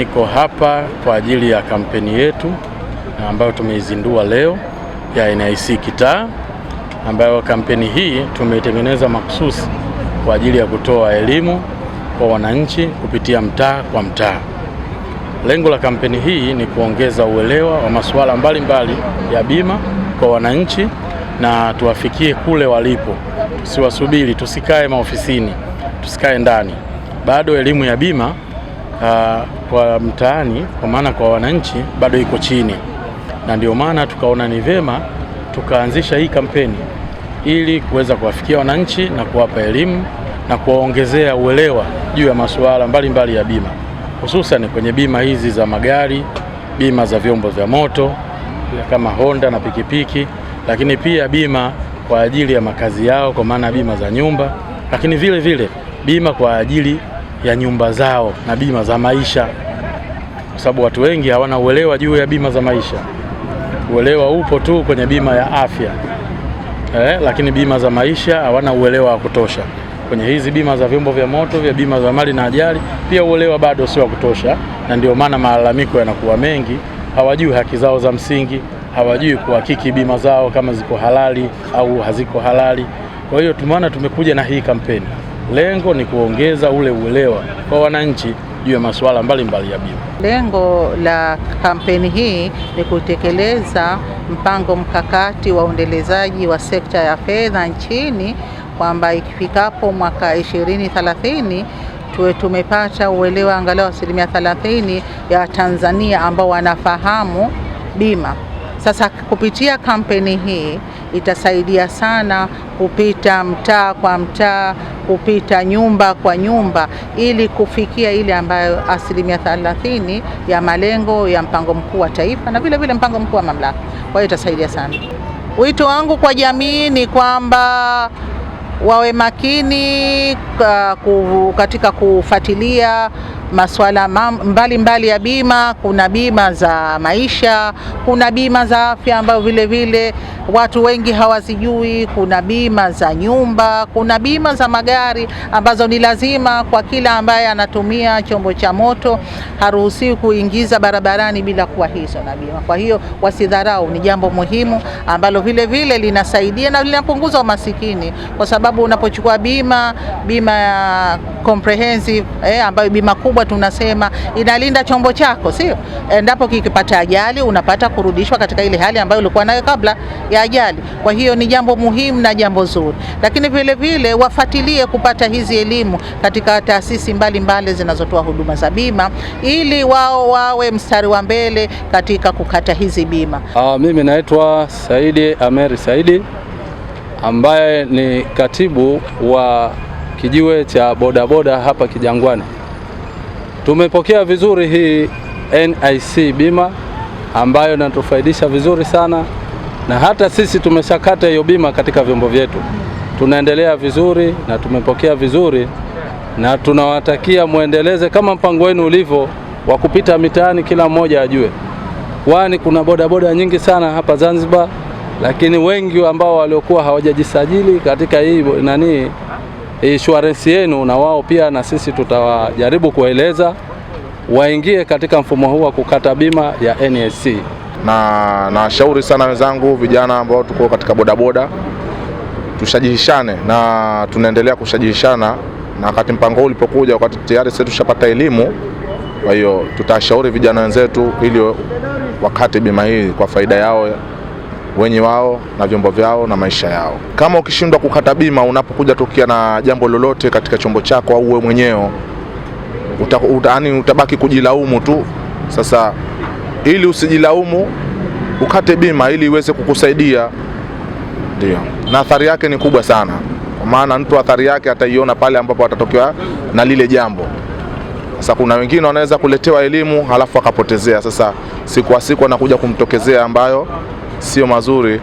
Niko hapa kwa ajili ya kampeni yetu ambayo tumeizindua leo ya NIC Kitaa, ambayo kampeni hii tumeitengeneza makhsusi kwa ajili ya kutoa elimu kwa wananchi kupitia mtaa kwa mtaa. Lengo la kampeni hii ni kuongeza uelewa wa masuala mbalimbali ya bima kwa wananchi na tuwafikie kule walipo, tusiwasubiri, tusikae maofisini, tusikae ndani. Bado elimu ya bima uh, kwa mtaani, kwa maana kwa wananchi bado iko chini, na ndio maana tukaona ni vyema tukaanzisha hii kampeni ili kuweza kuwafikia wananchi na kuwapa elimu na kuwaongezea uelewa juu ya masuala mbalimbali ya bima, hususan kwenye bima hizi za magari, bima za vyombo vya moto kama Honda na pikipiki, lakini pia bima kwa ajili ya makazi yao, kwa maana bima za nyumba, lakini vile vile bima kwa ajili ya nyumba zao na bima za maisha, kwa sababu watu wengi hawana uelewa juu ya bima za maisha. Uelewa upo tu kwenye bima ya afya eh, lakini bima za maisha hawana uelewa wa kutosha. Kwenye hizi bima za vyombo vya moto, vya bima za mali na ajali, pia uelewa bado sio wa kutosha, na ndio maana malalamiko yanakuwa mengi. Hawajui haki zao za msingi, hawajui kuhakiki bima zao kama ziko halali au haziko halali. Kwa hiyo tumeona tumekuja na hii kampeni. Lengo ni kuongeza ule uelewa kwa wananchi juu ya masuala mbalimbali ya bima. Lengo la kampeni hii ni kutekeleza mpango mkakati wa uendelezaji wa sekta ya fedha nchini kwamba ikifikapo mwaka 2030 tuwe tumepata uelewa angalau asilimia 30 ya Tanzania ambao wanafahamu bima. Sasa kupitia kampeni hii itasaidia sana kupita mtaa kwa mtaa kupita nyumba kwa nyumba ili kufikia ile ambayo asilimia thelathini ya malengo ya mpango mkuu wa taifa na vile vile mpango mkuu wa mamlaka. Kwa hiyo itasaidia sana. Wito wangu kwa jamii ni kwamba wawe makini uh, katika kufuatilia masuala mbalimbali mbali ya bima. Kuna bima za maisha, kuna bima za afya ambayo vile vile watu wengi hawazijui, kuna bima za nyumba, kuna bima za magari ambazo ni lazima kwa kila ambaye anatumia chombo cha moto, haruhusiwi kuingiza barabarani bila kuwa hizo na bima. Kwa hiyo wasidharau, ni jambo muhimu ambalo vile vile linasaidia na linapunguza umasikini, kwa sababu unapochukua bima bima ya comprehensive eh, ambayo bima kubwa kubwa tunasema inalinda chombo chako, sio? Endapo kikipata ajali, unapata kurudishwa katika ile hali ambayo ulikuwa nayo kabla ya ajali. Kwa hiyo ni jambo muhimu na jambo zuri, lakini vile vile wafuatilie kupata hizi elimu katika taasisi mbalimbali zinazotoa huduma za bima, ili wao wawe mstari wa mbele katika kukata hizi bima. Aa, ah, mimi naitwa Saidi Ameri Saidi ambaye ni katibu wa kijiwe cha bodaboda hapa Kijangwani. Tumepokea vizuri hii NIC bima ambayo inatufaidisha vizuri sana, na hata sisi tumeshakata hiyo bima katika vyombo vyetu, tunaendelea vizuri na tumepokea vizuri, na tunawatakia muendeleze kama mpango wenu ulivyo wa kupita mitaani, kila mmoja ajue, kwani kuna bodaboda nyingi sana hapa Zanzibar, lakini wengi ambao waliokuwa hawajajisajili katika hii nani insurance yenu, na wao pia na sisi tutawajaribu kueleza waingie katika mfumo huu wa kukata bima ya NSC. Na nawashauri sana wenzangu vijana ambao tuko katika bodaboda, tushajihishane na tunaendelea kushajihishana, na wakati mpango huu ulipokuja, wakati tayari sisi tushapata elimu, kwa hiyo tutashauri vijana wenzetu ili wakate bima hii kwa faida yao wenye wao na vyombo vyao na maisha yao. Kama ukishindwa kukata bima unapokuja tokea na jambo lolote katika chombo chako au wewe mwenyewe uta, uta, utabaki kujilaumu tu. Sasa ili usijilaumu, ukate bima ili iweze kukusaidia, ndio. Na athari yake ni kubwa sana, kwa maana mtu athari yake ataiona pale ambapo atatokewa na lile jambo. Sasa kuna wengine wanaweza kuletewa elimu halafu akapotezea. Sasa siku kwa siku anakuja kumtokezea ambayo sio mazuri.